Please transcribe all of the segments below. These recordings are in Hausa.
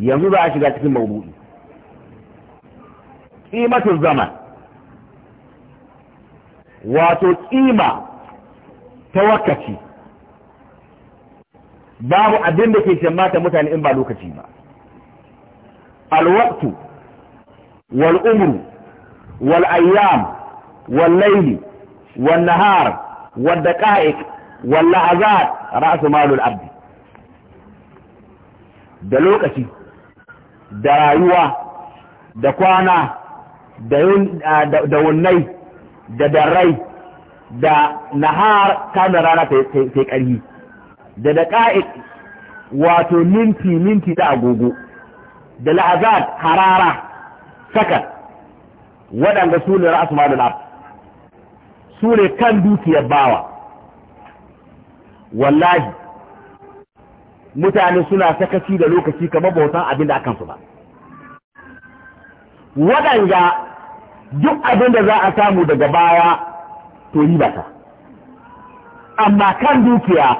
yanzu za a shiga cikin maudu'i ƙimatun zaman wato ƙima ta wakaci babu abin da ke shammata mutane in ba lokaci ba alwaktu wal umru wal ayyam wal laili wal nahar wal malul abdi da lokaci da rayuwa da kwana da wannai, da darrai da nahar kamin rana ta yi ƙarfi da da ƙa'id wato minti minti ta agogo da la'azad harara saka. waɗanda su ne da malin su ne kan dukiyar bawa wallahi mutane suna sakaci da lokaci kamar bautan abin da akan su ba waɗanda duk abin da za a samu daga baya to yi bata amma kan dukiya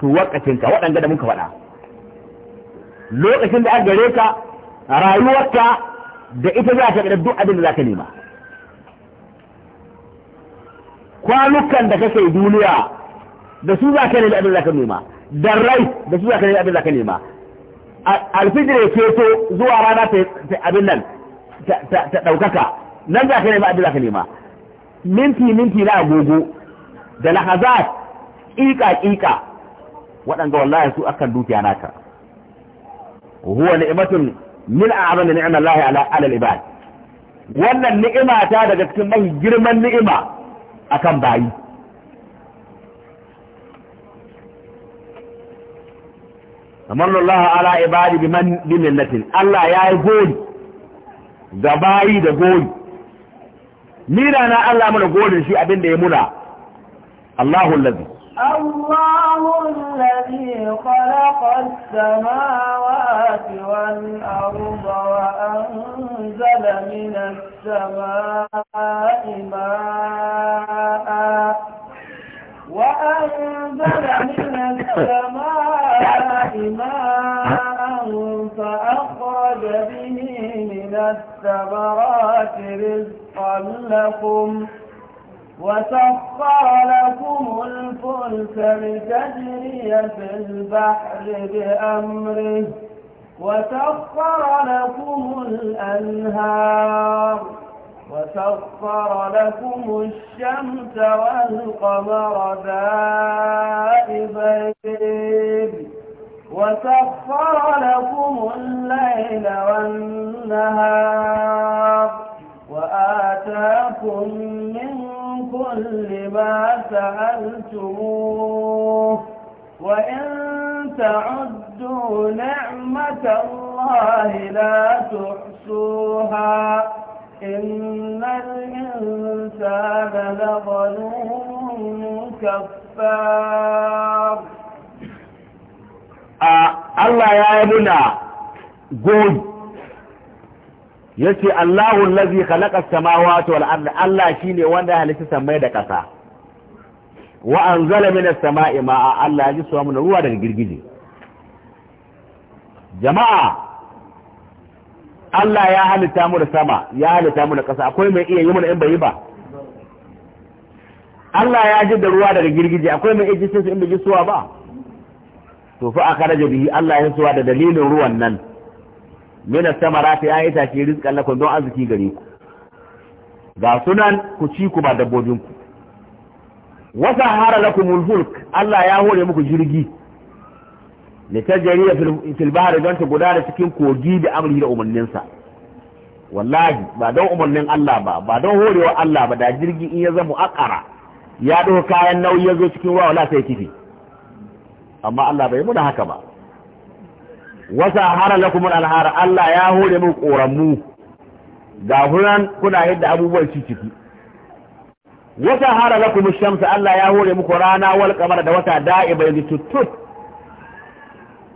to wakacinka waɗanda da muka faɗa lokacin da an gare ka rayuwarka da ita za ka duk abin da za ka nema kwanukan da kake duniya da su za ka nemi abin da za ka nema da rai da su zaka yi abin da ka nema alfijir ya keto zuwa rana ta abin nan ta ɗaukaka nan za ka nema abin da ka nema minti minti na agogo da lahazat ƙiƙa ƙiƙa waɗanga wallahi su akan dukiya naka huwa ni'matun min a'zam ni'am Allah lahi ala al-ibad wannan ni'ima ta daga cikin mai girman ni'ima akan bayi من الله على عباده بمن بمنتين الله يا يقول زبائي ده قول مين انا الله من قول شيء ابن ده يمنا الله الذي الله الذي خلق السماوات والأرض وأنزل من السماء ماء وأنزل من السماء ماء فأخرج به من الثمرات رزقا لكم وسخر لكم الفلك لتجري في البحر بأمره وسخر لكم الأنهار وسخر لكم الشمس والقمر دائبين وسخر لكم الليل والنهار وآتاكم من كل ما سألتموه وإن تعدوا نعمة الله لا تحصوها إن الإنسان لظلوم كفار الله يا ابنا قول yace Allahu lazi khalaqa as-samawati wal Allah shi ne wanda halitta samai da ƙasa. wa anzala minas sama'i ma'a Allah ya ji suwa ruwa daga girgije jama'a Allah ya halitta mu da sama ya halitta mu da ƙasa akwai mai iya yi mana in bai ba Allah ya ji da ruwa daga girgije akwai mai iya su in bai suwa ba to fa aka bihi Allah ya suwa da dalilin ruwan nan mina samarati ya ce rizqan lakum don arziki gare ku ga sunan ku ci ku ba dabbobin ku wasa hara lakumul fulk Allah ya hore muku jirgi litajariya fil bahri don ta gudana cikin kogi da amri da umarninsa wallahi ba don umarnin Allah ba ba don horewa Allah ba da jirgi in ya zama akara ya ɗauka kayan nauyi ya zo cikin ruwa wala sai kifi amma Allah bai muna haka ba wa hara lakum alhara Allah ya hore mu koramu ga huran kuna yadda abubuwan ci ciki wa hara lakum shamsa Allah ya hore muku rana wal qamara da wata da'iba yanzu tutut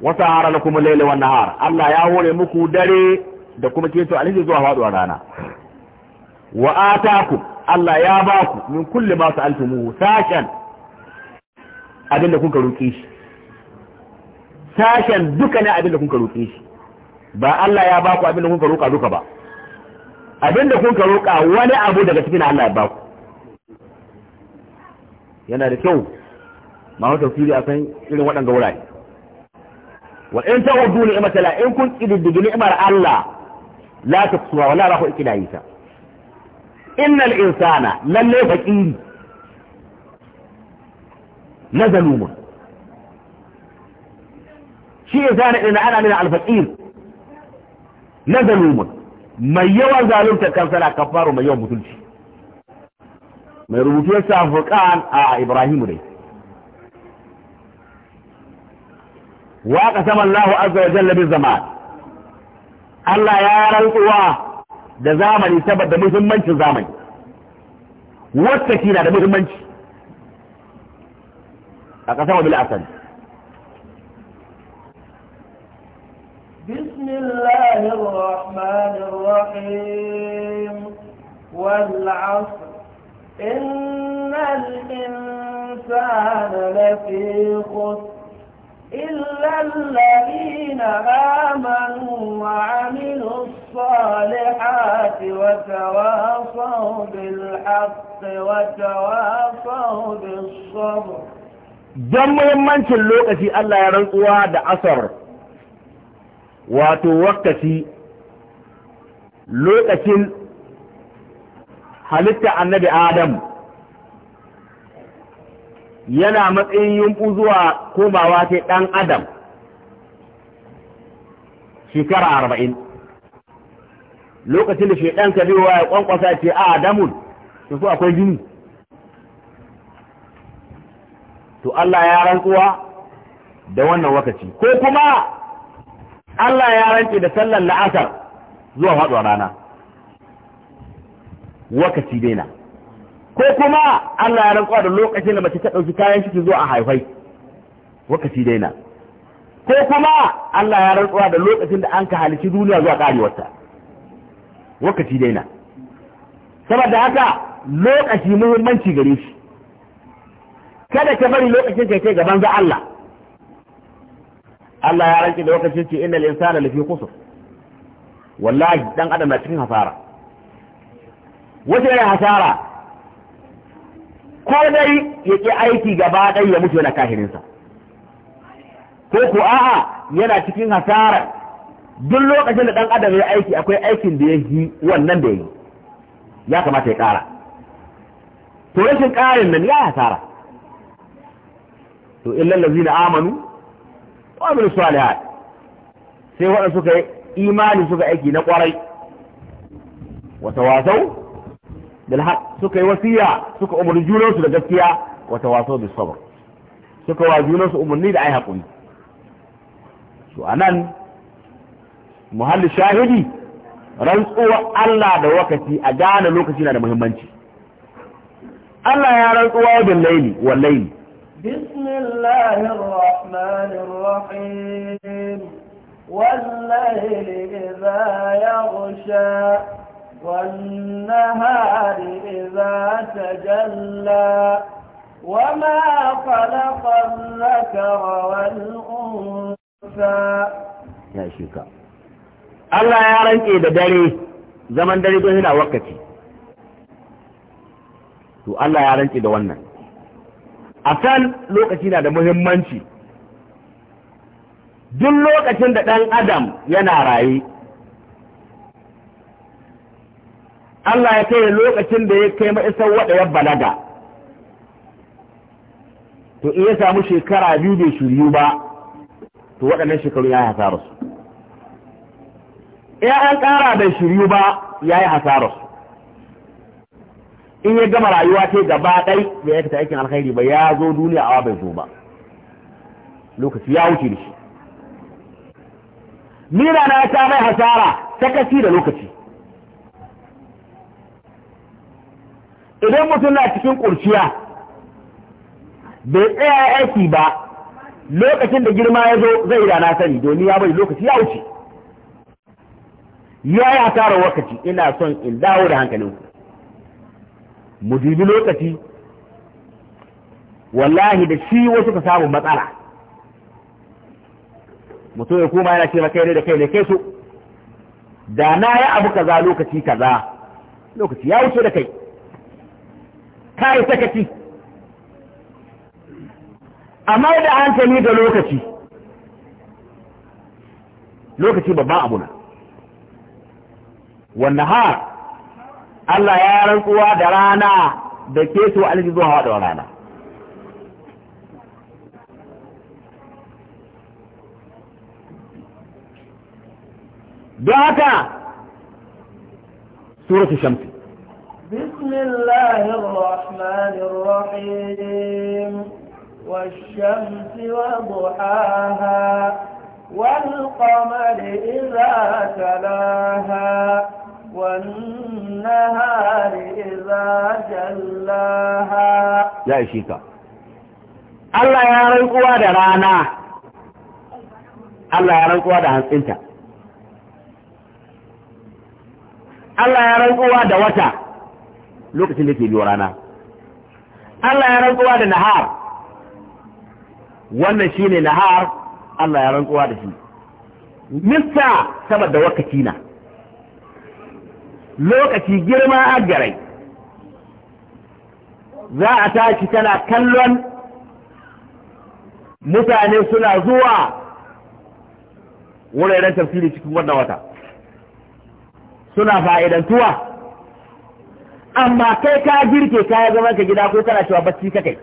wasa hara na kuma laila wannan har Allah ya hore muku dare da kuma keto alhiji zuwa faduwar rana wa ataku Allah ya ba ku min kulli ma sa'altumu sashen abin da kuka roƙe shi sashen duka ne abin da kuka roƙe shi ba Allah ya ba ku abin da kuka roƙa duka ba abin da kuka roƙa wani abu daga cikin Allah ya ba ku yana da kyau ma wata fili a san irin waɗanda wurare وإن تودوا نعمة الله إن كنت إذدوا نعمة الله لا تقصوا ولا رأوا إكلايسا إن الإنسان لن يفكين نزلوما شيء ثاني إن أنا من الفكين نزلوما من يوم ظالمت كان سلا كفار ومن يوم شيء من ربوكي السافر كان آه إبراهيم ليه وقسم الله عز وجل بالزمان الله يعلم رنقوا ده زماني سبب ده مهمنش زماني واتكينا ده مهمنش أقسم بالأسن بسم الله الرحمن الرحيم والعصر إن الإنسان لفي خسر إلا الذين آمنوا وعملوا الصالحات وتواصوا بالحق وتواصوا بالصبر جمعين منش اللوكة ألا يرنقوا هذا أثر وتوقع لوكة حلتة النبي آدم yana matsayin yunfu zuwa komawa ta ɗan adam shekara arba'in lokacin da shaidan ka biyowa ya ƙwanƙwasa ce a adamun su su akwai jini to Allah ya rantsuwa da wannan wakaci ko kuma Allah ya rantse da sallar la'asar zuwa faɗuwa rana wakaci daina ko kuma Allah ya rantsuwa da lokacin da mace ta ɗauki kayan ciki zuwa a haifai wakati daina ko kuma Allah ya rantsuwa da lokacin da an ka halici duniya zuwa ƙarewarta wakati daina saboda haka lokaci muhimmanci gare shi kada ka bari lokacin kai kai gaban za Allah Allah ya rantsi da lokacin ce innal insana lafi kusur wallahi dan adam na cikin hasara wace ne hasara ko dai ya ƙi aiki gaba ɗaya ya mutu yana kahirinsa ko ko a'a yana cikin hasara duk lokacin da ɗan adam ya aiki akwai aikin da ya yi wannan da ya yi ya kamata ya ƙara to rashin ƙarin nan ya hasara to illal na amanu wa amilu salihat sai waɗanda suka yi imani suka aiki na ƙwarai wata wasau. bil haqq suka yi wasiya suka umarni junan su da gaskiya wa tawasaw bis sabr suka wa junan su umarni da ai hakuri to anan muhalli shahidi rantsuwa Allah da wakati a gane lokaci na da muhimmanci Allah ya rantsuwa da laili wal laili bismillahir rahmanir rahim wal laili idha yaghsha والنهار إذا تجلى وما خلق الذكر والأنثى يا شيخ Allah ya ranke da dare zaman dare don yana to Allah ya ranke da wannan a kan lokaci na da muhimmanci duk lokacin da ɗan adam yana raye Allah ya kai lokacin da ya kai ma'isar ya balaga to in ya samu shekara biyu bai shiryu ba to waɗannan shekaru ya yi hasararsu ya an ƙara bai shiryu ba ya yi hasararsu in ya gama rayuwa ce gaba ɗai ya fita aikin alkhairi ba ya zo duniya awa bai zo ba lokaci ya wuce da shi mira na ta mai hasara kasi da lokaci idan mutum na cikin ƙurciya bai tsaya aiki ba lokacin da girma ya zo zai da na sani domin ya bai lokaci ya wuce ya yi asarar wakaci ina son in dawo da hankalin ku. mu dubi lokaci wallahi da shi wasu ka samu matsala mutum ya kuma yana ce ne da kai ne kai so da na yi abu kaza lokaci kaza lokaci ya wuce da kai ka yi sakaci mai da hankali da lokaci lokaci babban abu na wannan ha Allah ya rantsuwa da rana da ke to alji zuwa haɗa rana don haka suratul shamsi بسم الله الرحمن الرحيم والشمس وضحاها والقمر إذا تلاها والنهار إذا جلاها لا يشيك الله يا رنكوا درانا الله يا رنكوا درانا انت الله يا رنكوا دواتا lokacin da ke biyo rana Allah ya rantsuwa da nahar wannan shine nahar Allah ya rantsuwa da shi mista saboda wakati na lokaci girma garai. za a tashi tana kallon mutane suna zuwa wuraren tafsiri cikin wannan wata suna fa'idantuwa amma kai ka girke ka ya zama ka gida ko kana cewa bacci ka kai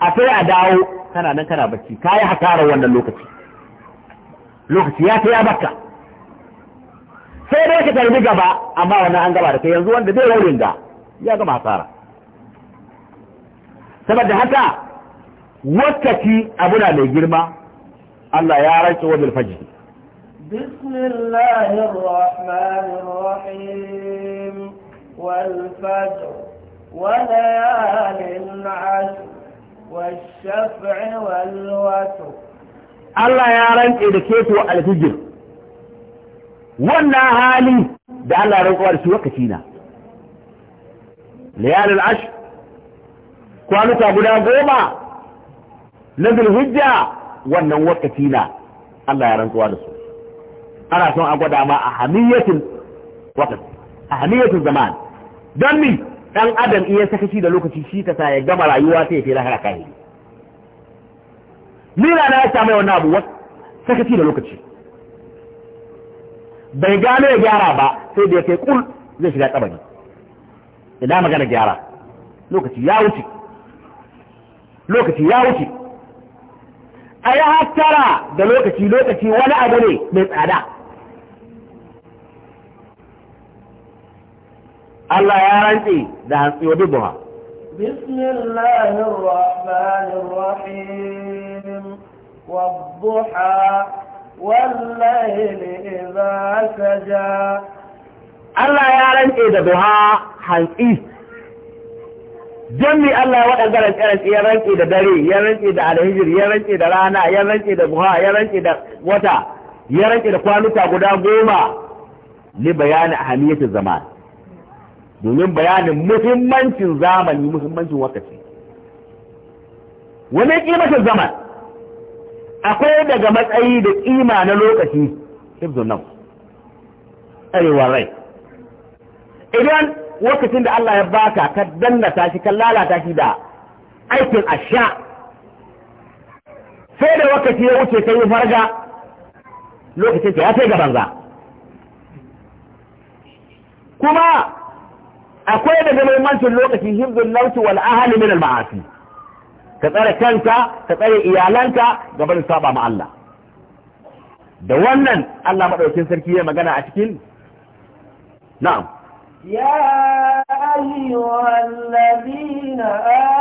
a sai a dawo kana nan kana bacci ka yi hasarar wannan lokaci lokaci ya kai ya baka sai dai ka tarbi gaba amma wannan an gaba da kai yanzu wanda zai raurin da ya gama hasara saboda haka wakati abuna mai girma Allah ya rantsa wajen fajiri بسم الله الرحمن الرحيم والفجر وليال العشر والشفع والوتر الله يا رنك إذا كيف وقال تجر وانا هالي ده الله رنك وارس وقتينا ليال العشر كوانو تابنا قوما نزل هجة وانا وقتينا الله يا رنك وارس انا سوى اقوى داما اهمية وقت اهمية الزمان don mi ɗan adam iya sakaci da lokaci shi ka sa ya gama rayuwa sai ya fi lahara kai Ni na ya samu wannan abu sakaci da lokaci bai gano ya gyara ba sai da ya kai kul zai shiga tsabari idan magana gyara lokaci ya wuce lokaci ya wuce a yi hattara da lokaci lokaci wani abu ne mai tsada Allah ya rantse da hantsi wa dubuha Allah ya rantse da duha hantsi jami Allah ya waɗanda rantse ya rantse da dare ya rantse da alhijir ya rantse da rana ya rantse da buha, ya rantse da wata ya rantse da kwanuka guda goma Ni bayani a ahamiyatul zaman domin bayanin muhimmancin zamani muhimmancin wakati wani kimatar zaman akwai daga matsayi da kima na lokaci hibzun nan tsarewar rai idan wakacin da Allah ya baka ka dannata shi ka lalata shi da aikin asha sai da wakaci ya wuce yi farga lokacin ya sai gaban banza kuma akwai daga muhimmancin lokaci hibzul lauti wal ahli min al ma'asi ka tsare kanka ka tsare iyalanka gaban saba ma Allah da wannan Allah madaukin sarki ya magana a cikin na'am يا أيها الذين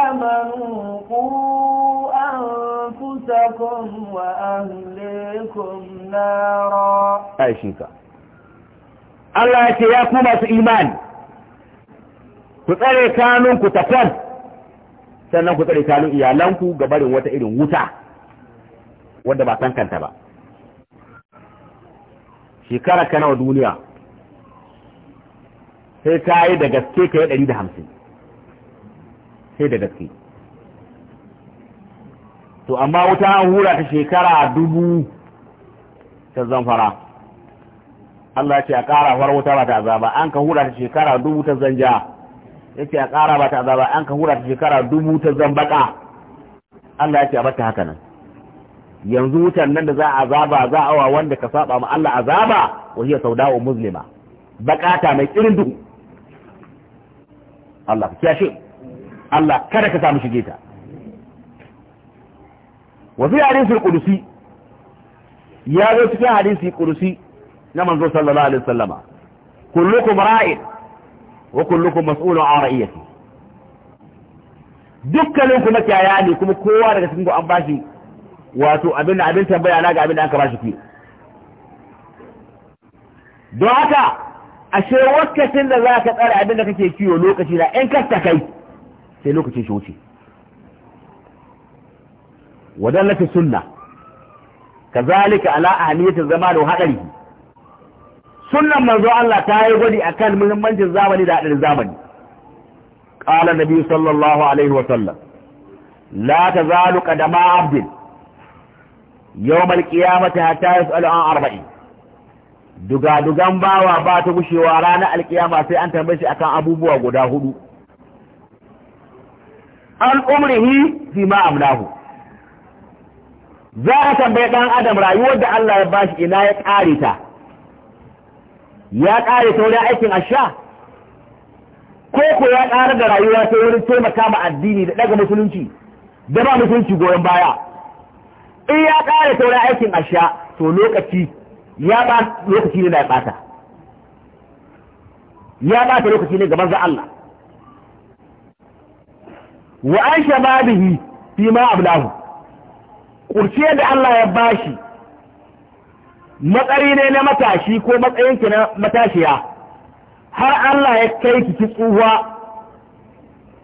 آمنوا قوا أنفسكم وأهليكم نارا أي شيكا الله يا masu إيمان ku tsare ku takan sannan ku tsare kanun iyalanku ga barin wata irin wuta wadda ba san kanta ba shekara ka nawa duniya sai ka yi da gaske ka yi ɗari da hamsin sai da gaske to amma wuta an hura ta shekara dubu ta zamfara Allah ce a ƙara fara wuta ba ta azaba an ka hura ta shekara dubu ta zanja ce a ƙara ba ta azaba an ka hura ta shekara dubu ta zambaka Allah ya ce a bata haka nan yanzu wutan nan da za a azaba za a wa wanda ka saba ma Allah azaba wa hiya sauda'u muslima bakata mai kirin duhu Allah ka kiyashe Allah kada ka samu shige ta wa fi hadisi qudusi ya zo cikin hadisi qudusi na manzo sallallahu alaihi wasallama kullukum ra'in wa kullukum mas'ulun an ra'iyati dukkanin ku makiyaya ne kuma kowa daga cikin an bashi wato abin da abin tambaya ga abin da aka bashi ku don haka ashe lokacin da zaka tsara abin da kake kiwo lokaci na in kasta kai sai lokacin shi wuce wadallata sunna kazalika sunnan manzo Allah ta yi gwadi akan muhimmancin zamani da haɗin zamani qala nabi sallallahu alaihi wa sallam la tazalu qadama abdin yawm alqiyamati hatta yus'alu an arba'in dugadugan bawa ba ta gushewa ranar alƙiyama, sai an tambaye shi akan abubuwa guda hudu an umrihi fi ma amlahu za a tambaye ɗan adam rayuwar da Allah ya bashi ina ya ƙare ta ya ƙare ta wurin aikin asha ko ko ya ƙara da rayuwa ta wurin taimaka ma addini da ɗaga musulunci da ba musulunci goyon baya in ya ƙare ta wurin aikin asha to lokaci ya ba lokaci ne da ya ɓata ya ɓata lokaci ne gaban za Allah wa an shababihi fi ma ablahu kurciyar da Allah ya bashi matsayi ne na matashi ko matsayin ki na matashiya har Allah ya kai ki ki tsuwa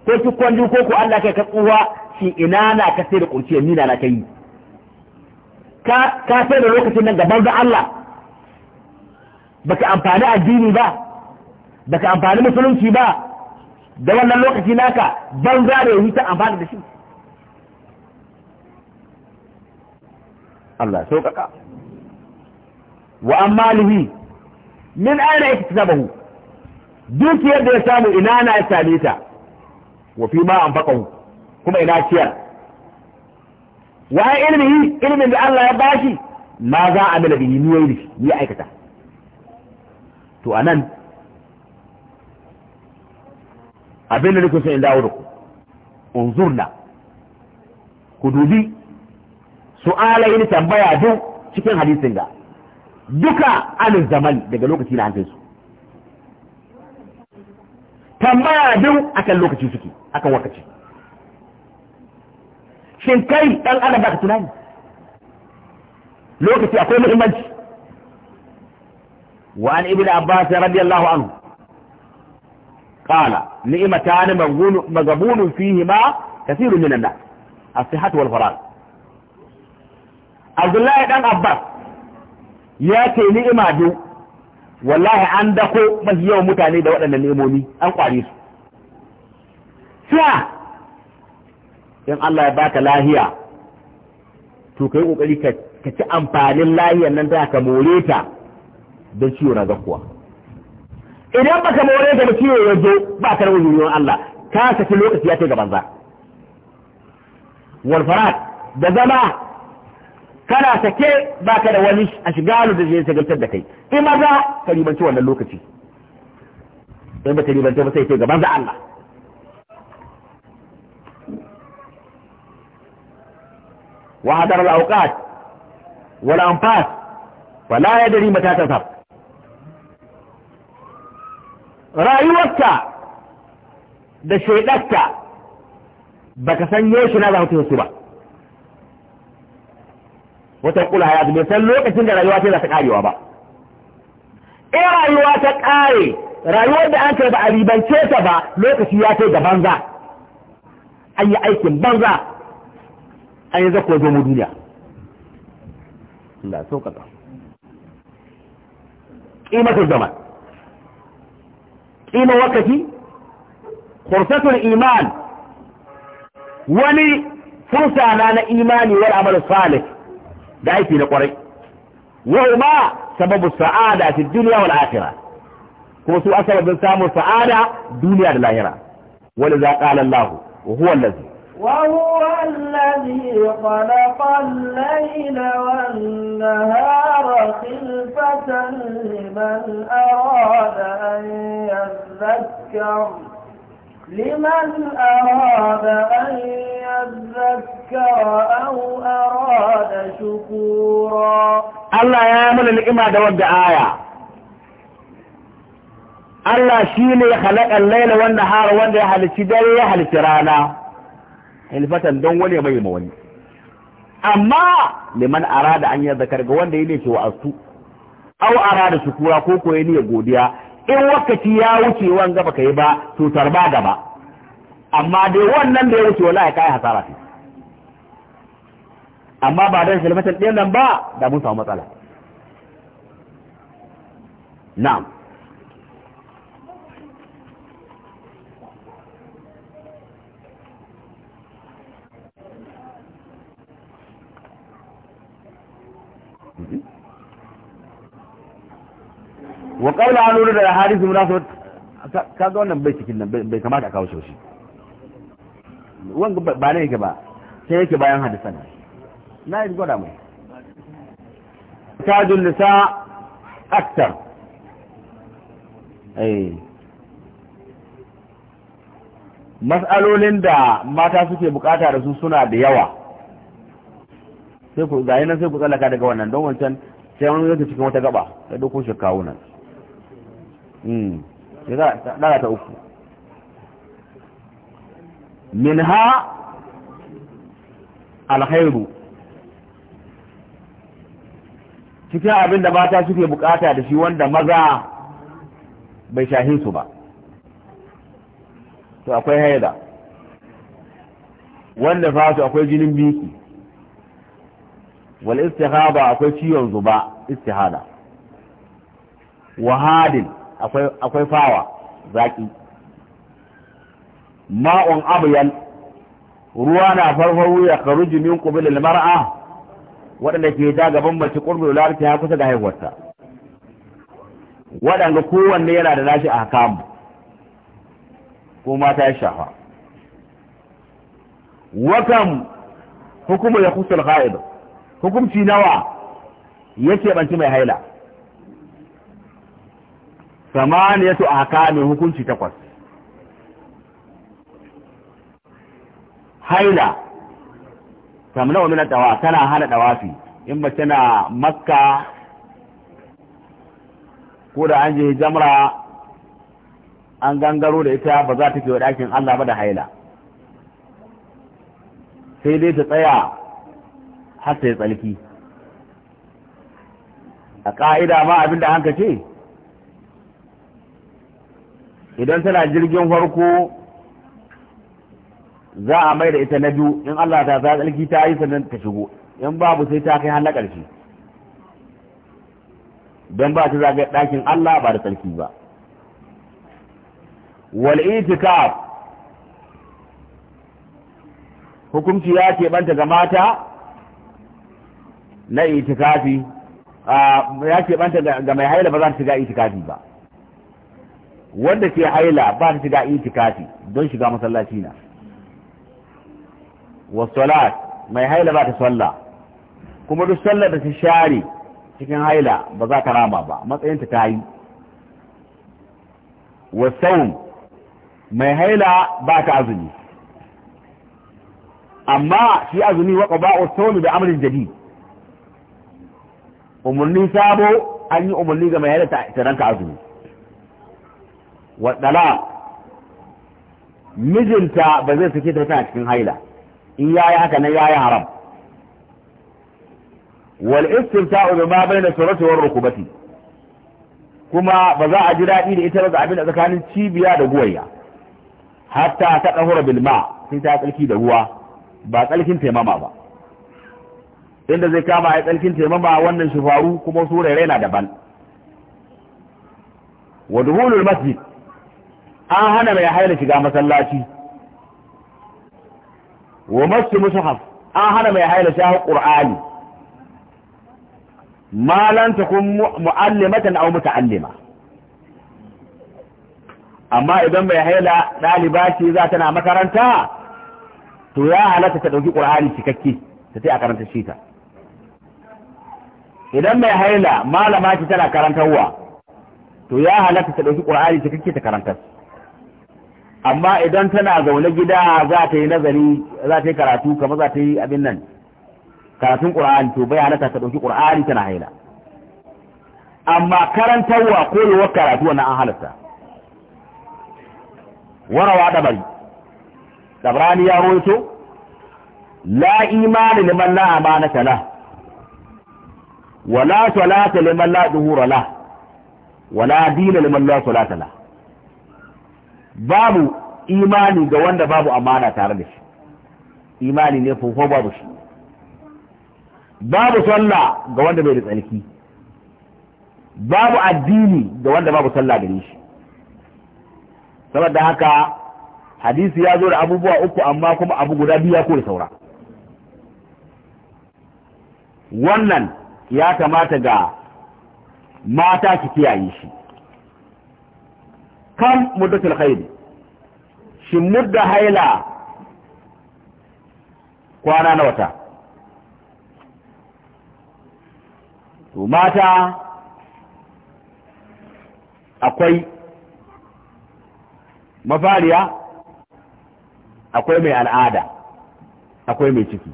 ko ki kwanju ko ku Allah kai ka tsuwa shi ina na ka sai da kurciyar nina na kai ka ka sai da lokacin nan gaban da Allah baka amfani addini ba baka amfani musulunci ba da wannan lokaci naka za da yi ta amfani da shi Allah sauƙaƙa wa amalihi min aina iktisabahu duk yadda ya samu ina na ya same ta wa fi ma anfaqahu kuma ina ciyar wa ilmihi ilmin da Allah ya bashi ma za a mila bihi ni yayi ni aikata to anan abin da nake so in dawo da ku unzurna ku dubi su'alayin tambaya duk cikin hadisin da duka alin zaman daga lokaci na hankali su tambaya duk akan lokaci suke akan wakaci shin kai dan adam baka tunani lokaci akwai muhimmanci wa an ibnu abbas radiyallahu anhu قال نعمتان مغبون فيهما كثير من as الصحة والفراغ عبد Abdullahi ɗan Abbas. ya ce ni'ima biyu wallahi an dako mafi yawan mutane da waɗannan nemomi an kware su sha in Allah ya baka lahiya to kai kokari ka ci amfanin lahiyar nan da ka more ta don ciwo na zakuwa idan baka more ta da ciwo ya zo ba ka rawar yiwuwar Allah ka saki lokaci ya ce ga banza wal da zama kana sake ka da wani a shiga shigalu da zai shagaltar da kai in maza ka ribanci wannan lokaci in ba ka ribanci ba sai ce gaban da Allah wa hadar al-awqat wal anfas wala yadri mata tasab rayuwarka da shaidarka baka san yoshi na za ta yi su ba wata kula ya bai san lokacin da rayuwa ce za ta karewa ba in rayuwa ta kare rayuwar da an kai ba a ribance ta ba lokaci ya kai ga banza an yi aikin banza an yi zakuwa zo mu duniya Allah so kaza qimatul zaman qima wakati khursatul iman wani fursa na imani wal amal salih da aiki na kwarai wa ma sababu sa'ada fi dunya wal akhirah ko su asabin samun sa'ada duniya da lahira wanda za qala Allah wa huwa allazi وهو الذي خلق الليل والنهار خلفة لمن أراد لمن أراد أن يذكر أو أراد شكورا الله يا من الإمام دود آية Allah shi ne ya halakar laila wanda har wanda ya halici dare ya halici rana hilfatan don wani bai ma wani amma liman arada an yi zakar ga wanda ya ne au arada shukura ko ko ya ne godiya in wakati ya wuce wanga baka yi ba tutar ba gaba amma dai wannan da ya wuce wallahi kai hasara ce amma ba dan shilmatan ɗin nan ba da mun samu matsala na'am wa qawla an lura da hadisi munasabat kaga wannan bai cikin nan bai kamata a kawo shi wanga ba ne yake ba sai yake bayan hadisan na yi gwada mai tajul nisa aktar eh mas'alolin da mata suke bukata da su suna da yawa sai ku ga yana sai ku tsallaka daga wannan don wancan sai wani zai cikin wata gaba da duk kun shi kawo nan Hmm. ɗara ta uku min ha alhairu cikin abin da mata suke bukata da shi wanda maza bai su ba to akwai haida wanda fasu akwai jinin biki wal istihaba akwai ciwon zuba istihada wahadin akwai fawa zaki ma'un abyan ruwa na farfaru ya karuji min qubil mar'a waɗanda ke da gaban mace qurbul larti ha kusa da haihuwarta waɗanda kowanne yana da nashi a hakamu ko mata ya shafa wakan hukumu ya kusa ha'id hukumci nawa ya banci mai haila samaniyatu ahkamin hukunci takwas haila tamna wa min dawa tana hana dawafi in ba na makka ko da an je jamra an gangaro da ita ba za ta ke ɗakin Allah ba da haila sai dai ta tsaya har ta yi tsalki a ƙa'ida ma abinda hanka ce idan tana jirgin farko za a mai da ita na biyu in Allah ta ta tsarki ta yi sannan ta shigo in babu sai ta kai har na don ba ta zagaya ɗakin Allah ba da tsarki ba wal itikaf hukunci ya ce banta ga mata na itikafi ah, ya ce banta ga mai haila ba za ta shiga itikafi ba wanda ke haila ba ta shiga itikafi don shiga masallaci na wa salat mai haila ba ta sallah kuma duk sallar da ta share cikin haila ba za ta rama ba matsayinta ta yi wa saum mai haila ba ta azumi amma shi azumi wa wa sawmi da amrin jadi umurni sabo an yi umarni ga mai haila ta ranka azumi wa mijinta ba zai sake ta tana cikin haila in yayi haka nan yayi haram wal istimta'u bima bayna surati war rukubati kuma ba za a ji daɗi da ita ba abin da tsakanin cibiya da guwayya hatta ta dahura bil ma sai ta tsalki da ruwa ba tsalkin taimama ba inda zai kama ya tsalkin taimama wannan shifaru kuma kuma su raina daban wa duhulul masjid an hana mai haila shiga masallaci wa masu mushaf an hana mai haila shahu qur'ani malan ta kun mu'allimatan aw muta'allima amma idan mai haila daliba ce za ta na makaranta to ya halatta ta dauki qur'ani cikakke ta sai a karanta shi ta idan mai haila malama ce tana karantarwa to ya halatta ta dauki qur'ani cikakke ta karanta amma idan tana zaune gida za ta yi nazari za ta yi karatu kama za ta yi abin nan karatun ƙur'ani to bai halatta ta ɗauki ƙur'ani tana haila amma karantarwa ko yawar karatu wannan an halatta warawa dabari dabrani ya roto la imani liman la amanata tala wala salata liman la duhura la wala dina liman la salata la babu imani ga wanda babu amana tare da shi imani ne ko babu shi babu sallah ga wanda bai da tsarki babu addini ga wanda babu sallah gare shi saboda haka hadisi ya zo da abubuwa uku amma kuma abu guda biyu ya kore saura wannan ya kamata ga mata ki kiyaye shi kam muddatul haili shi mudda haila kwana na wata to mata akwai mafariya akwai mai al'ada akwai mai ciki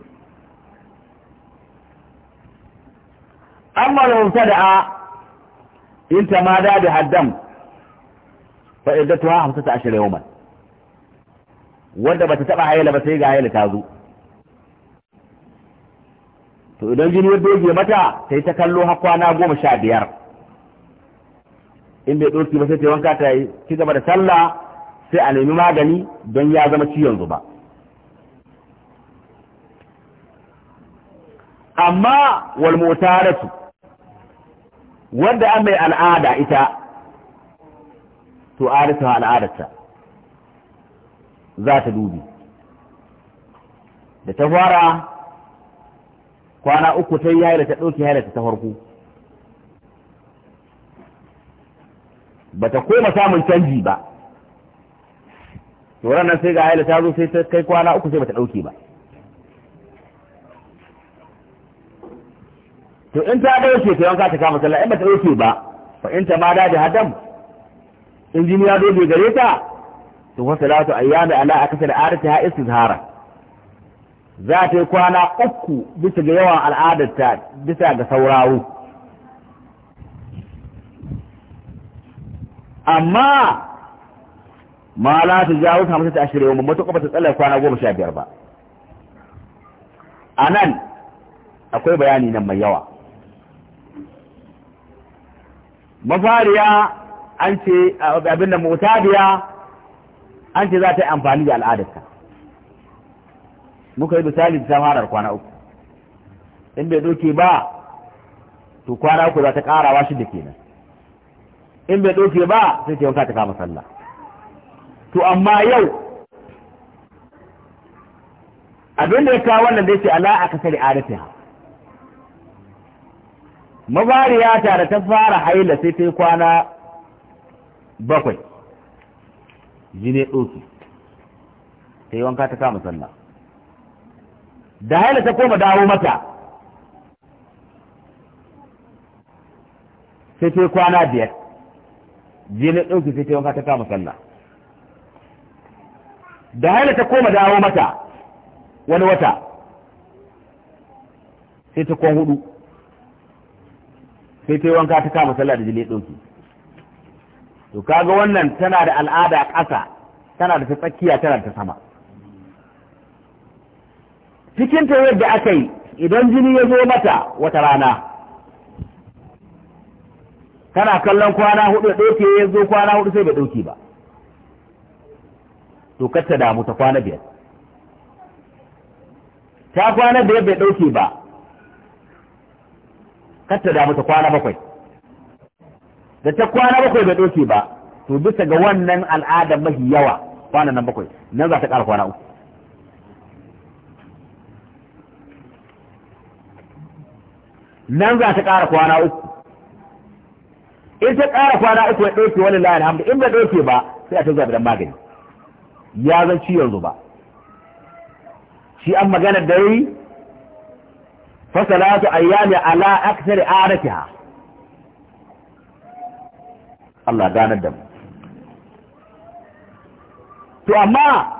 amma da da a in da haddam fa iddatuha yau man wadda wanda bata taɓa haila ba sai ga haila ta zo to idan jini ya doge mata sai ta kallo har kwana goma sha biyar in bai ɗauki ba sai ta wanka ta ci gaba da sallah sai a nemi magani don ya zama ciwon ba. amma wal mutaratu wadda an mai al'ada ita to arisa al'adarta za ta dubi da ta fara kwana uku ta yi haila ta ɗauki haila ta farko ba ta koma samun canji ba to nan sai ga haila ta zo sai ta kai kwana uku sai ba ta ɗauke ba to in ta ɗauke ta yanka ta kama sallah in ba ta ɗauke ba fa in ta ma da hadam in jini ya doge gare ta to wasu salatu ayyami ala akasar adata ha zahara za ta yi kwana uku bisa ga yawan al'adarta bisa ga sauraro amma ma la ta jawo ta mutu ashirin yau matuƙa ta tsallar kwana goma sha biyar ba a nan akwai bayani nan mai yawa mafariya an ce abin da mutabiya an ce za ta yi amfani da al'adarka muka yi misali ta harar kwana uku in bai doke ba to kwana uku za ta karawa shi da kenan in bai doke ba sai ce wanka ta kama sallah to amma yau abin da ya kawo wannan da ya ce ala a kasar ha mabariya tare da ta fara haila sai ta yi kwana bakwai jini ɗoki ta yi wanka ta kama sallah da haila ta koma dawo mata sai ta kwana biyar jini ɗoki sai ta yi wanka ta kama sallah da haila ta koma dawo mata wani wata sai ta kwan hudu sai ta yi wanka ta kama sallah da jini ɗoki to kaga wannan tana da al'ada ƙasa tana da ta tsakiya tana da ta sama cikin ta yadda aka yi idan jini ya zo mata wata rana tana kallon kwana hudu da ɗauke ya zo kwana hudu sai bai ɗauke ba to kar ta damu ta kwana biyar ta kwana biyar bai ɗauke ba kar ta damu ta kwana bakwai da ta kwana bakwai bai doke ba to bisa ga wannan al'adar mahi yawa kwana nan bakwai nan za ta ƙara kwana uku nan za ta ƙara kwana uku in ta ƙara kwana uku ya ɗauke wani layar hamdu in bai ɗauke ba sai a ta zaɓi don magani ya zan ci yanzu ba shi an magana da yi fasalatu ayyami ala aksari aratiha Allah ganar da mu to amma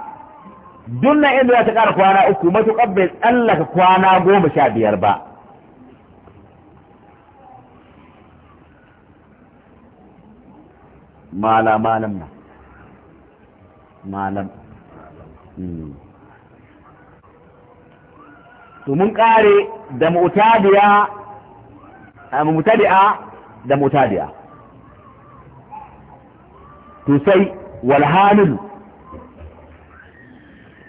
dunna inda ta ƙara kwana uku matuƙar bai tsallaka kwana goma sha biyar ba mala malam na malam hmm. to mun ƙare da mutadiya eh, da mutadiya to sai walhalin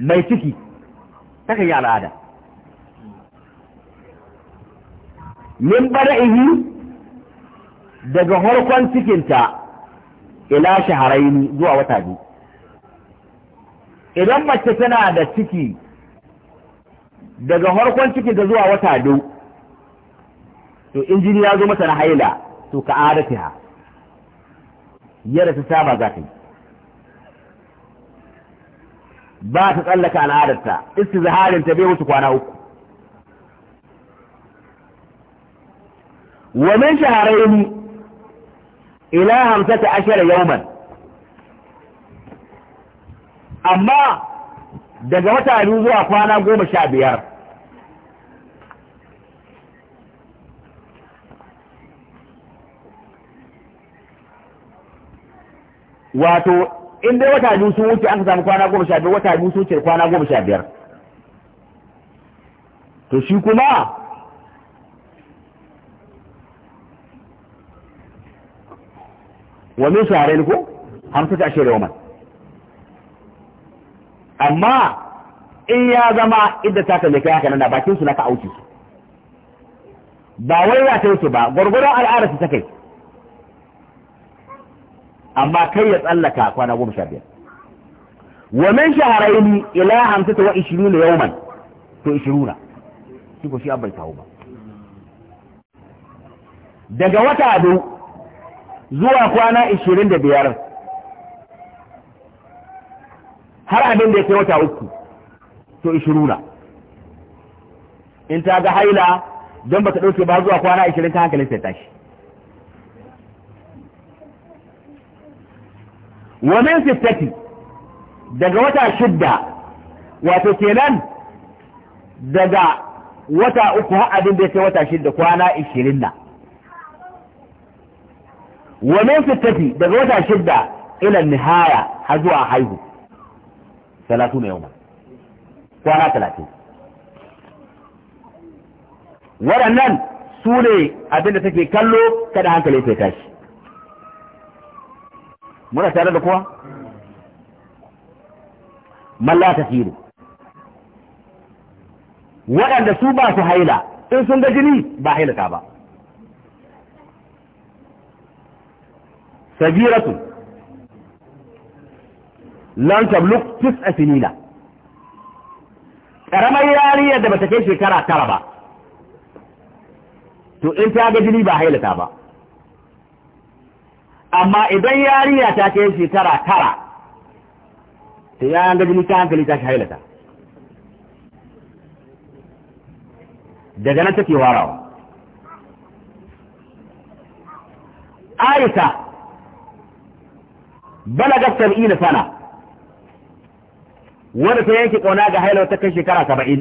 mai ciki ta yi al'ada min bara'ihi daga harkon cikinta ila shaharaini zuwa wata biyu idan mace tana da ciki daga harkon cikinta zuwa wata biyu to injini ya zo mata na haila to ka adatiha ya rasu saba za ta yi ba ta tsallaka al'adarta istizaharin ta bai wuce kwana uku wa min shaharaini ila hamsata ashara yawman amma daga wata biyu zuwa kwana goma sha biyar wato in dai wata biyu sun wuce aka samu kwana goma sha biyar wata biyu sun wuce kwana goma sha biyar to shi kuma wa min shaharai ko hamsin ta shirya wa amma in ya zama idda ta kalle kai haka nan bakin su ka auki ba wai ya ta yi ba gwargwaron al'adar su ta kai amma kai ya tsallaka kwana goma sha biyar wa min shahrayn ila hamsata wa 20 yawman to 20 shi ko shi abai tawo ba daga wata abu zuwa kwana 25 har abin da ya kai wata uku to 20 in ta ga haila don ba ta ɗauke ba zuwa kwana 20 ta hankalin sai tashi wa min daga wata shidda wato kenan daga wata uku har abin da wata shidda kwana 20 na wa min daga wata shidda ila nihaya har zuwa haihu 30 yawma kwana 30 waɗannan su abin da take kallo kada hankali ya tashi muna tare da kowa malla ta siru waɗanda su ba su haila in sun ga jini ba hailata ba sabiratu lan tabluk tis'a sinina karamar yariyar da ba ta kai shekara tara ba to in ta ga jini ba hailata ba amma idan yariya ta kai shekara tara ta ya an gajini ta hankali ta shahilata daga nan take warawa aisha balagar sab'ina sana wanda ta yanke kona ga hailar ta kai shekara saba'in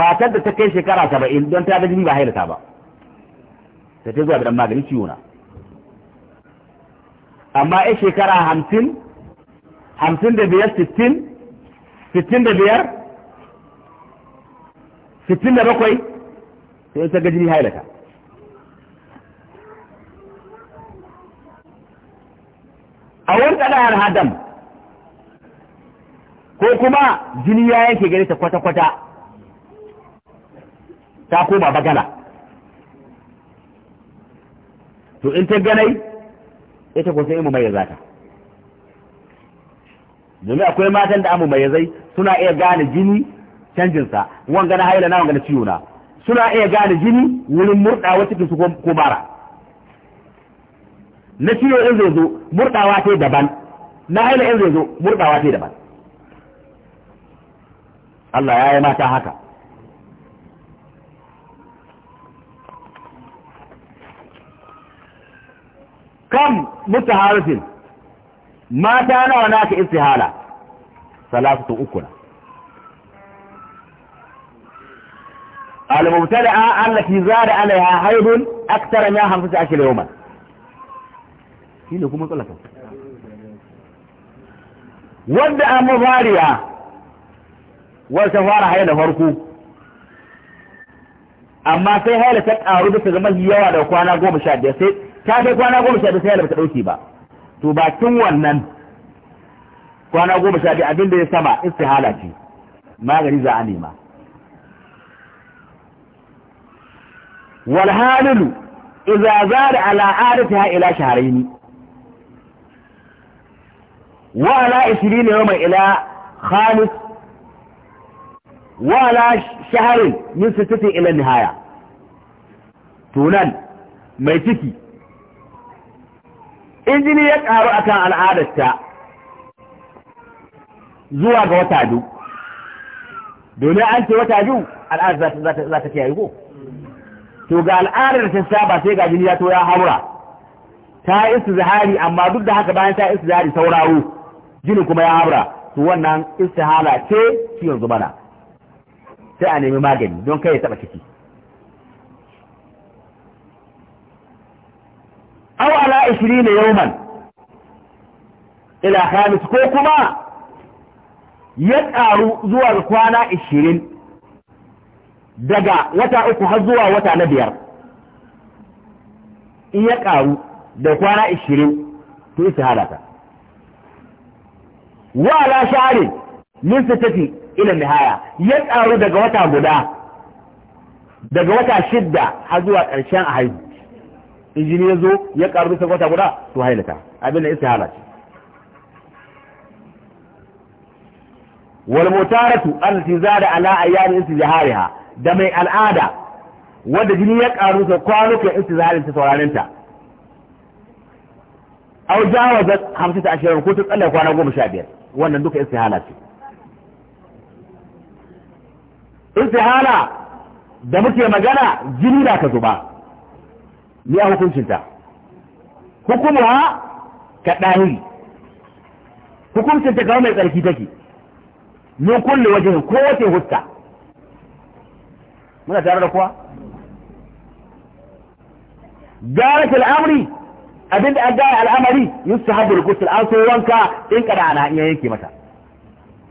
matar da ta kai shekara saba'in don ta gajini ba hailata ba ta ce zuwa da magani ciwo na amma ya shekara hamsin hamsin da biyar sittin sittin da biyar sittin da bakwai sai ta jini hailata a wani har hadam ko kuma jini ya yanke gare ta kwata-kwata ta koma bagala to in ta ganai ita ko sai mu mai zata domin akwai matan da amu mai zai suna iya gane jini canjin sa wanga na haila na wan na ciwo na suna iya gane jini wurin murdawa cikin su ko bara na ciwo in zai zo murdawa ta daban na haila in zai zo murdawa ta daban Allah ya yi mata haka kam mutaharifin mata nawa naka istihala salatu uku na المبتدأ التي زاد عليها حيض أكثر من 15 يوما shine kuma tsallakan Wanda an mafariya wadda fara haila farko amma sai haila ta ƙaru bisa ga mafi yawa da kwana goma sha biyar sai ta kai kwana goma sha biyu sai ba ta dauke ba to tun wannan kwana goma sha biyu abinda ya sama istihala ce magani za a nema walhalilu halilu idza zada ala adatiha ila shahrayn wa ala 20 yawman ila khamis wa ala shahrin min sittati ila nihaya tunan mai ciki in jini ya ƙaru akan al'adarta zuwa ga wata biyu domin an ce wata biyu al'adar za ta kiyaye ko to ga al'adar ta saba sai ga jini ya to ya haura ta yi zahari. amma duk da haka bayan ta yi zahari sauraro jinin kuma ya haura to wannan hala ce ciwon zubana sai a nemi magani don kai ya taɓa ciki aw ala 20 yawman ila khamis ko kuma ya ƙaru zuwa kwana 20 daga wata uku har zuwa wata na biyar in ya ƙaru da kwana 20 to isa halata wa ala sha'arin min sittati ila nihaya ya ƙaru daga wata guda daga wata shidda har zuwa ƙarshen a haihu injini ya zo ya karu bisa wata guda to hailata abin da istihala ce wal mutaratu allati zada ala ayyam istizhariha da mai al'ada wanda jini ya karu sa kwanuka istizharin ta sauraren ta aw jawaza 25 ko ta tsalle kwana 15 wannan duka istihala ce istihala da muke magana jini da ka zuba biya hukuncinta hukumwa ka ɗahiri hukuncinta kawai mai tsarki take min kulle wajen wace huska muna tare da kuwa gara al'amri abinda an gaya al'amari yin su haɗu rukusul an so wanka in kada ana iya yanke mata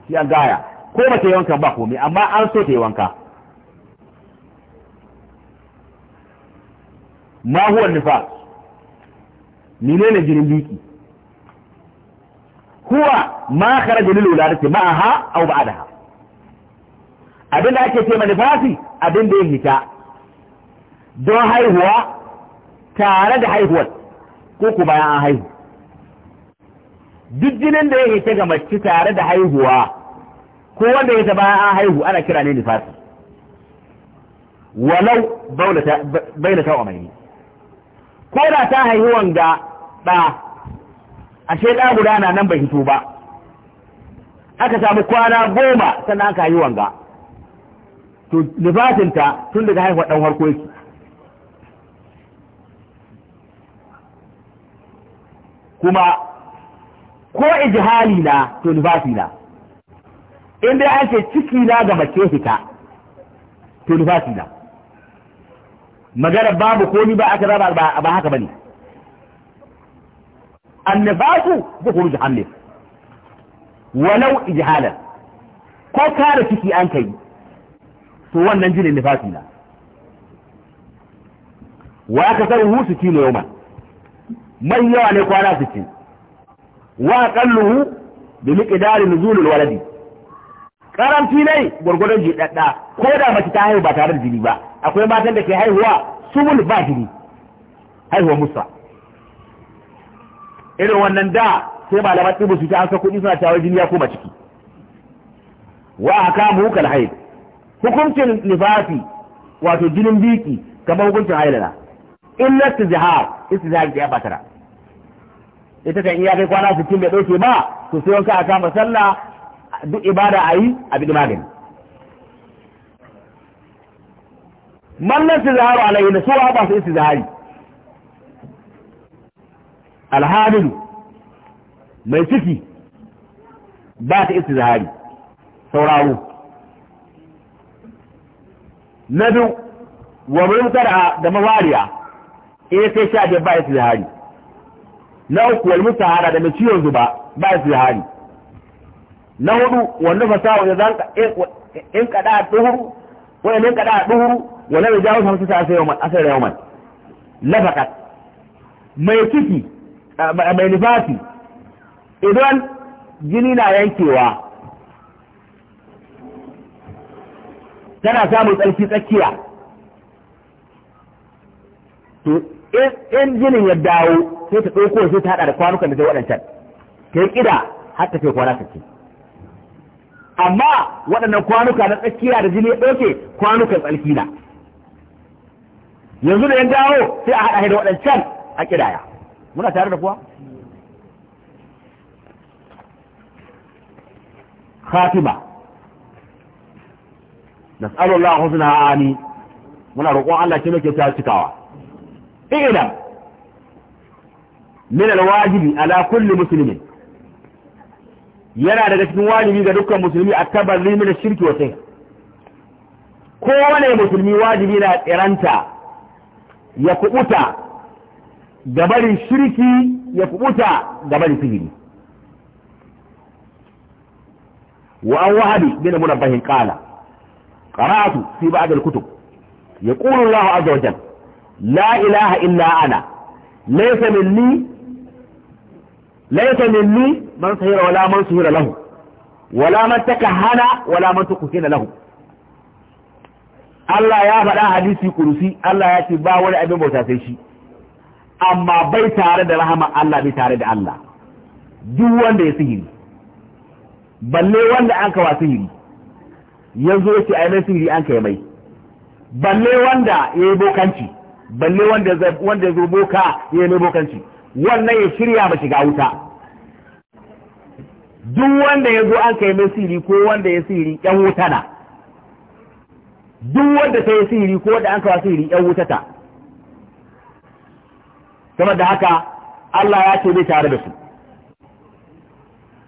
shi an gaya ko mace wankan ba komai amma an so ta yi wanka ma huwa nifaq menene jinin biki huwa ma kharaja lil wuladati ma'aha aw ba'daha abinda ake ce ma nifasi abin da ya hita don haihuwa tare da haihuwar ko ku bayan an haihu duk jinin da ya hita ga mace tare da haihuwa ko wanda ya ta bayan an haihu ana kira ne nifasi walau bainata umayni ko da ta haihu wanga ɗa ashe ɗa guda na nan ba hito ba aka samu kwana goma sannan aka haihu wanga to libatinta tun daga haihuwa ɗan harko yake kuma ko ijihali na to libati na in dai ciki na ga mace fita to libati na magana babu komi ba aka raba ba haka bane annifasu zuhuru jahannam walau ijhala ko kare ciki an kai to wannan jinin nifasi na wa ka sarhu su kino yoma mai yawa ne kwana su ci wa aqalluhu bi miqdari nuzulul waladi karanti ne gurgurdan jidadda ko da mace ta haihu ba tare da jini ba akwai matan da ke haihuwa subul bahiri haihuwa musa irin wannan da sai ba lamar tsibu su ta an kuɗi suna tawar jini ya koma ciki wa aka hukar haid hukuncin nifafi wato jinin biki kamar hukuncin hailana illa istizhar istizhar da ya ita kan iya kai kwana 60 bai dauke ba to sai wanka a kama sallah duk ibada ayi a bi magani mallan su zaharu alaihi na suwa ba su isi zahari alhamilu mai ciki ba ta isi zahari sauraro na biyu wa murmutar da mawariya in eh, kai sha ba isi zahari na uku wal mustahara da mai ciwon zuba ba isi zahari na hudu wanda fasawa ya zanka eh, in kada a duhuru wani in kada a duhuru da ولم يجاوز خمسة عشر يوما عشر يوما mai ما mai nufafi. Idan jini na yankewa, tana samun tsarki tsakiya to in jinin ya dawo sai ta ɗauko sai ta haɗa da kwanukan da zai waɗancan ta yi ƙida har ta kai kwana ta ce amma waɗannan kwanuka na tsakiya da jini ya ɗauke kwanukan tsarki na yanzu da ya dawo sai a haɗa da waɗancan a ƙidaya muna tare da kuwa khatima tsarin Allah suna ani muna roƙon Allah ke muke ta cikawa ilam min alwajibi ala kulli musulmin yana daga cikin wajibi ga dukkan musulmi a tabarri min shirki wa sai kowane musulmi wajibi na tsiranta ya kubuta gabarin shirki ya kubuta gabarin sihiri wa an wahabi bin munabbahin qala qara'atu fi ba'd al-kutub yaqulu Allahu azza wa jalla la ilaha illa ana laysa minni laysa minni man sahira wala man sahira lahu wala man takahana wala man tukhina lahu Allah ya faɗa hadisi kurusi Allah ya ce ba wani abin bauta sai shi amma bai tare da rahama Allah bai tare da Allah duk wanda ya sihiri balle wanda an kawa sihiri yanzu ya ce a mai sihiri an kai mai balle wanda ya yi bokanci balle wanda ya zo boka ya yi mai bokanci wannan ya shirya ba shiga wuta duk wanda ya zo an kai mai sihiri ko wanda ya sihiri yan wuta na duk wanda ta yi sihiri ko wanda an kawo sihiri yan wuta ta kamar da haka Allah ya ce bai tare da su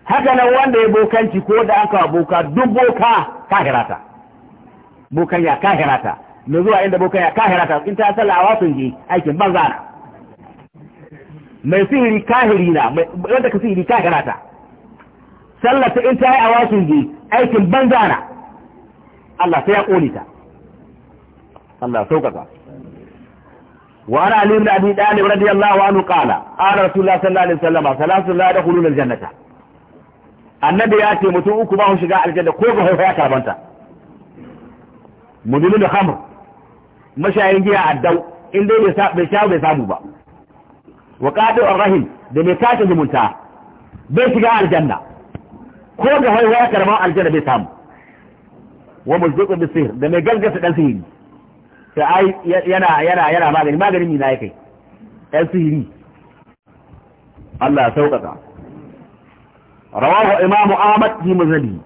haka nan wanda ya bokanci ko da an kawo boka duk boka kahirata bokan ya kahirata mai zuwa inda bokan ya kahirata in ta sallah wa sun je aikin banza na mai sihiri kahiri na wanda ka sihiri kahirata sallah ta in ta yi a wasun je aikin banza na Allah sai ya ƙone ta Allah saukaka wa ana ali ibn abi talib radiyallahu anhu qala qala rasulullah sallallahu alaihi wasallam salatu la yadkhuluna aljannata annabi ya ce mutum uku ba su shiga aljanna ko ga haifa ya karbanta mudilu da khamr mashayin giya addau in dai bai sha bai samu ba wa qadi rahim da mai kace zumunta bai shiga aljanna ko ga haifa ya aljanna bai samu wa muzdiqu bisir da mai galgasa dan sihiri ta ai yana yana yana magani maganin mina ya kai ɗan sihiri Allah sauƙaƙa rawahu imamu ahmad fi muzali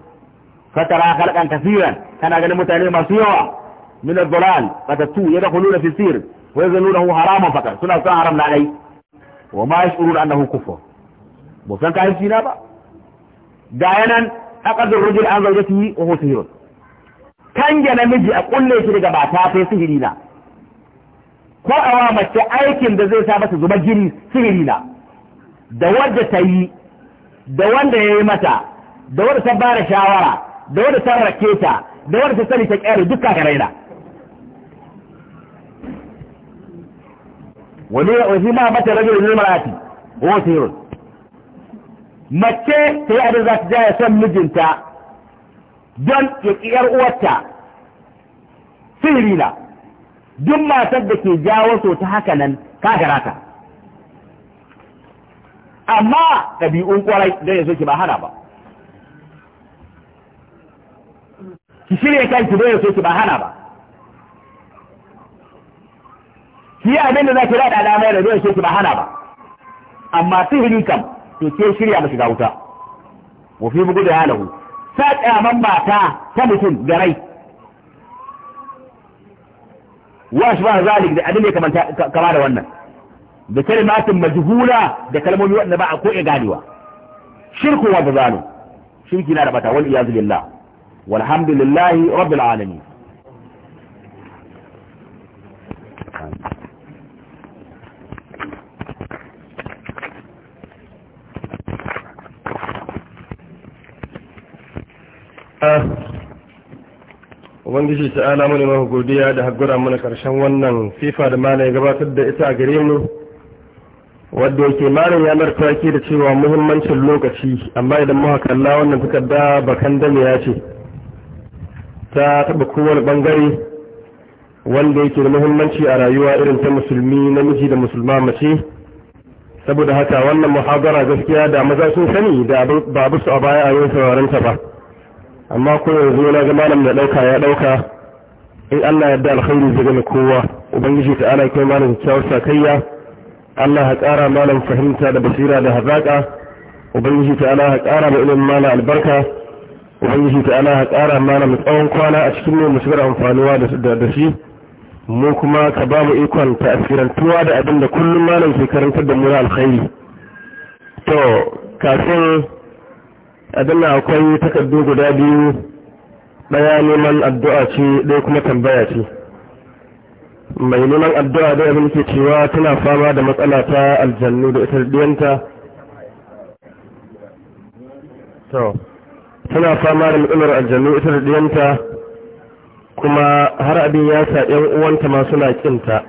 fatara khalqan kaseeran kana ganin mutane masu yawa min ad-dalal fatatu yadkhuluna fi sir wa yazunuhu haraman fakar suna son haram na dai wa ma yashuruna annahu kufur ba san kai na ba ga yanan aqad ar-rajul an zawjatihi wa huwa sihirun kange namiji a kulle shi daga mata sai sihiri na ko a wa mace aikin da zai sa mata zuba jini sihiri na da wanda ta yi da wanda ya yi mata da wanda ta bada shawara da wanda ta rake ta da wanda ta sani ta kyara duka ka raina wani wasi ma mata da ne marati ko sihirun mace ta yi abin za ta jaya son mijinta don ya ƙi ‘yar uwarta sihiri na duk matar da ke jawo so ta haka nan gara ta amma ɗabi'un ƙwarai don ya so ki ba hana ba ki shirya kanki don ya so ki ba hana ba ki yi abin da za ki rada alamai da don ya so ki ba hana ba amma sihiri kam to ke shirya mashi ga wuta wafi bugu da halahu ta kyaman mata ta mutum da rai wa shi ba zalik da abin da kama da wannan da kalmatin majhula da kalmomi wanda ba a ko ya gadewa shirku wa dazalu shirki na da bata wal iyaz billah walhamdulillahi rabbil alamin ubangiji ta ala mani mahu godiya da haƙura mana ƙarshen wannan fifa da mana ya gabatar da ita a gare mu wadda yake malam ya marta ke da cewa muhimmancin lokaci amma idan muka kalla wannan takarda bakan dame ya ce ta taɓa kowane ɓangare wanda yake da muhimmanci a rayuwa irin ta musulmi namiji da musulma mace saboda haka wannan muhabara gaskiya da maza sun sani da babu su a baya a yin sauraron ba amma ko yanzu na ga malam da ɗauka ya ɗauka in Allah ya da alkhairi zai gane kowa ubangiji ta ala kai malam kyawar sakayya Allah ya ƙara malam fahimta da basira da hazaƙa ubangiji ta ala ya ƙara da ilimin malam albarka ubangiji ta ala ya ƙara malam tsawon kwana a cikin ne musu amfanuwa da shi mu kuma ka ba mu ikon ta'asirantuwa da abin da kullum malam ke karantar da mu na alkhairi to kafin abin akwai takardu guda biyu daya neman addu'a ce ɗaya kuma tambaya ce mai neman addu'a da abin ke cewa tana fama da matsala ta aljannu da ita diyanta tana fama da matsalar aljannu ita diyanta kuma har abin ya sa ‘yan uwanta ma suna kinta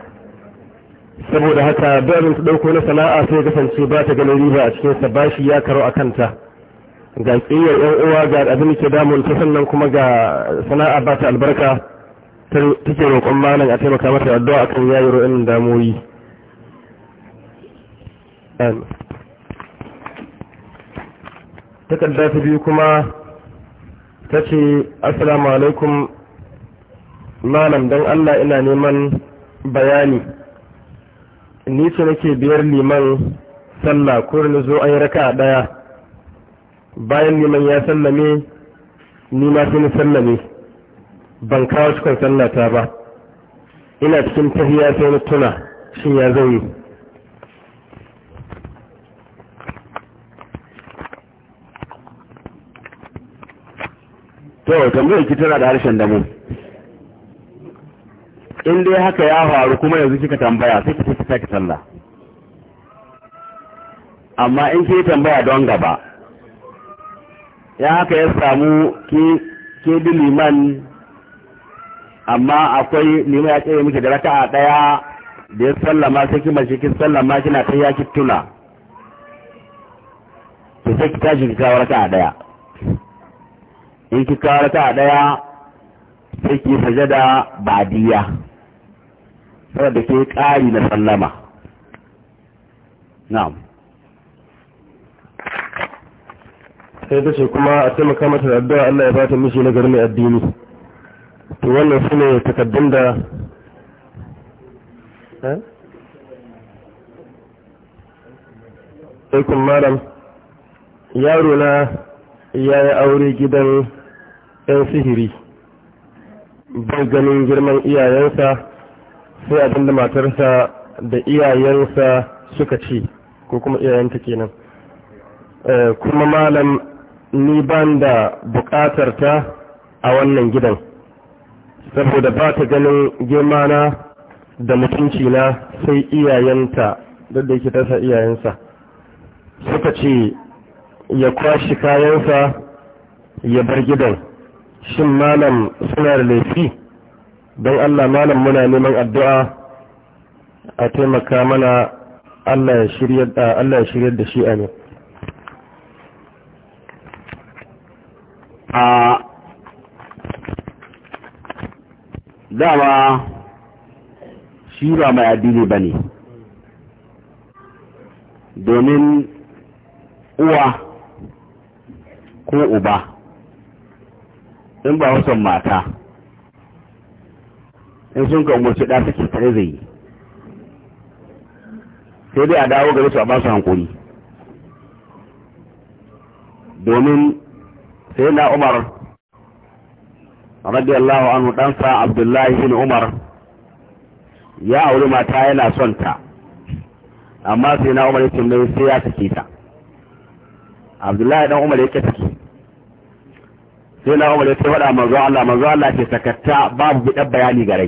saboda haka da abin ta ɗauko na sana'a sai kasance ba ta ganin riba a cikinsa bashi ya karo a kanta ga ƙiyar yan uwa ga abin da ke damun ta sannan kuma ga sana'a ba ta albarka ta ke roƙon malam a taimaka mata addu'a akan yayi ro'in damoyi takarda ta biyu kuma ta ce assalamu alaikum malam don allah ina neman bayani ni ce nake biyar liman sallah na zo an yi raka daya bayan neman ya sallame ni ma sun sallame ban kawo cikin sallata ba ina cikin tafiya sai na tuna shin ya zai to tambayar ki tana da harshen damu in dai haka ya faru kuma yanzu kika tambaya sai ki sake sallah amma in ki tambaya don gaba ya haka ya samu ke bi liman amma akwai liman ya tsaye miki da a daya da ya sallama sai kima shi kin sallama kina ta ya ki tuna ki sai ki tashi ki kawo a daya in ki kawo a daya sai ki sajada badiya saboda ke kari na sallama na'am sai ta ce kuma a taimaka mata da addu'a Allah ya bata miji na mai addini to wannan su ne takaddun da eh? aikun malam yaro na ya yi aure gidan 'yan sihiri bai ganin girman iyayensa sai abinda matarsa da iyayensa suka ce ko kuma iyayenta kenan eh, kuma malam ni ban da buƙatar ta a wannan gidan saboda ba ta ganin na da mutunci na sai iyayenta duk da yake tasa iyayensa suka ce ya kwashi kayansa ya bar gidan shin malam suna da laifi don Allah malam muna neman addu'a a taimaka mana Allah ya shirya da shi a ne a dama shi ba mai addini ba ne domin uwa ko uba in ba wasan mata in sun kan wasu ɗa suke tare zai sai dai a dawo gare su a ba su hankuri domin sai na umar radiyallahu anhu ɗansa abdullahi bin umar ya auri mata yana son ta amma sai na umar yake mai sai ya sake ta abdullahi dan umar yake sake sai na umar yake faɗa manzo Allah manzo ke sakatta babu bidan bayani gare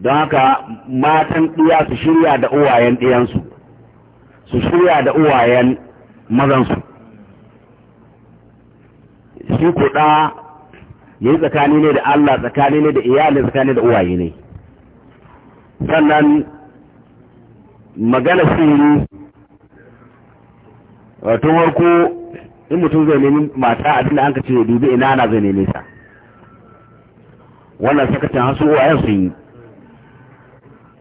don haka matan ɗiya su shirya da uwayen ɗiyansu su shirya da uwayen mazansu shi ko ɗa ya yi tsakani ne da Allah tsakani ne da iyalin tsakani da uwaye ne sannan magana A tun warko in mutum zai nemi mata abin da an ka ce dubi ina na zai nemi ta wannan sakacin hasu uwayen sun yi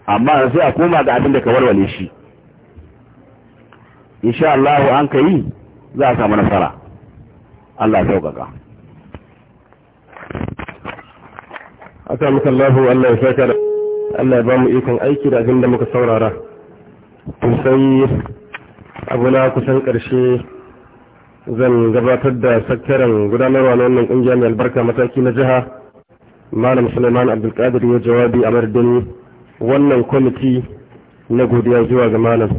amma sai a koma ga abin da ka warware shi insha Allah an ka yi za a samu nasara Allah sauƙaƙa aka muka lafi Allah ya saka Allah ya ba mu ikon aiki da abin da muka saurara tun sai abu na kusan ƙarshe zan gabatar da sakkaren gudanarwa na wannan ƙungiya mai albarka mataki na jiha malam suleiman abdulkadir ya jawabi a mardin wannan kwamiti na godiya zuwa ga malam